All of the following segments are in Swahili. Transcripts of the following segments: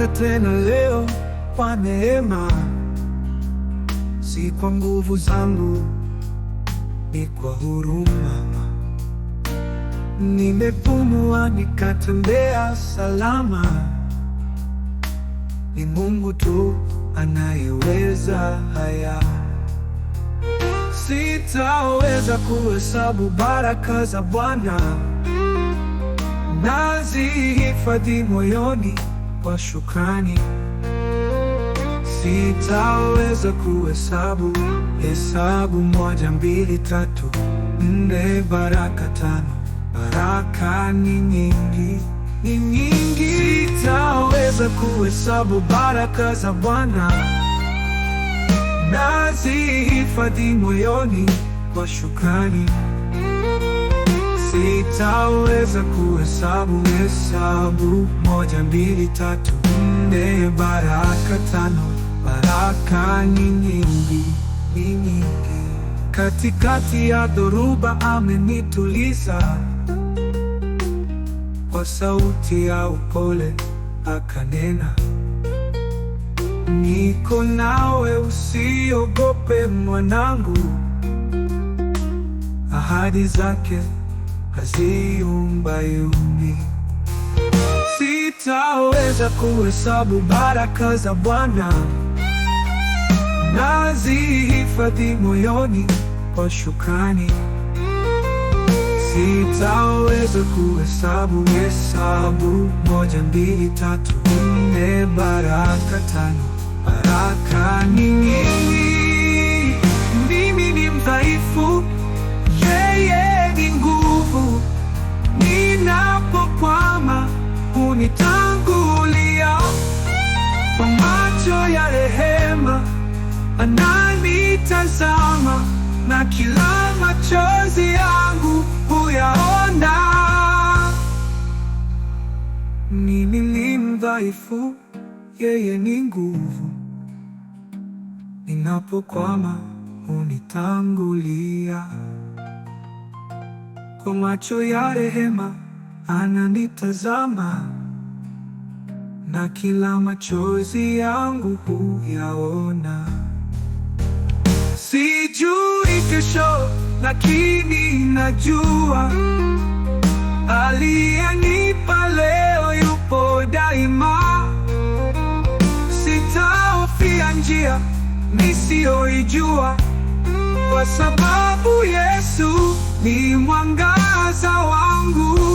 Nimetoka tena leo kwa neema, si kwa nguvu zangu, ni kwa huruma. Nimepumua nikatembea salama, ni Mungu tu anayeweza haya. Sitaweza kuhesabu baraka za Bwana, nazihifadhi moyoni kwa shukrani. Sitaweza kuhesabu, hesabu moja, mbili, tatu, nne, baraka tano. Baraka ni nyingi, ni nyingi. Sitaweza kuhesabu baraka za Bwana, nazihifadhi moyoni kwa shukrani sitaweza kuhesabu. Hesabu moja, mbili, tatu, nne, baraka tano. Baraka ni nyingi, ni nyingi. Katikati ya dhoruba amenituliza, kwa sauti ya upole akanena, niko nawe, usiogope mwanangu. Ahadi zake haziyumbayumbi. Sitaweza kuhesabu baraka za Bwana, nazihifadhi moyoni kwa shukrani. Sitaweza kuhesabu hesabu moja, mbili, tatu, nne, baraka tano, baraka ni nyingi ya rehema, ananitazama na kila machozi yangu huyaona. Mimi ni mdhaifu, yeye ni nguvu. Ninapokwama hunitangulia. Kwa macho ya rehema ananitazama na kila machozi yangu huyaona. Sijui kesho, lakini najua aliyenipa leo yupo daima. sitaofia njia nisiyoijua, kwa sababu Yesu ni mwangaza wangu.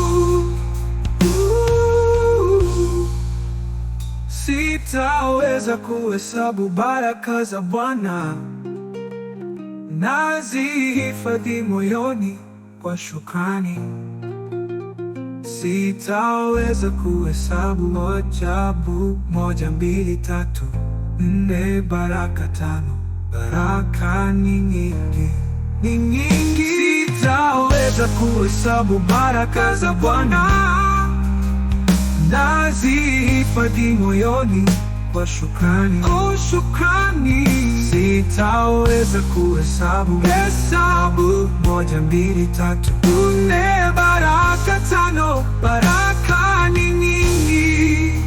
Sitaweza kuhesabu baraka za Bwana, nazihifadhi moyoni kwa shukrani. Sitaweza kuhesabu moja bu moja mbili tatu nne, baraka tano, baraka ni nyingi, ni nyingi. Sitaweza kuhesabu baraka za Bwana nazihifadhi moyoni kwa shukrani, oh, shukrani. Sitaweza kuhesabu hesabu, moja, mbili, tatu, nne, baraka tano, baraka nini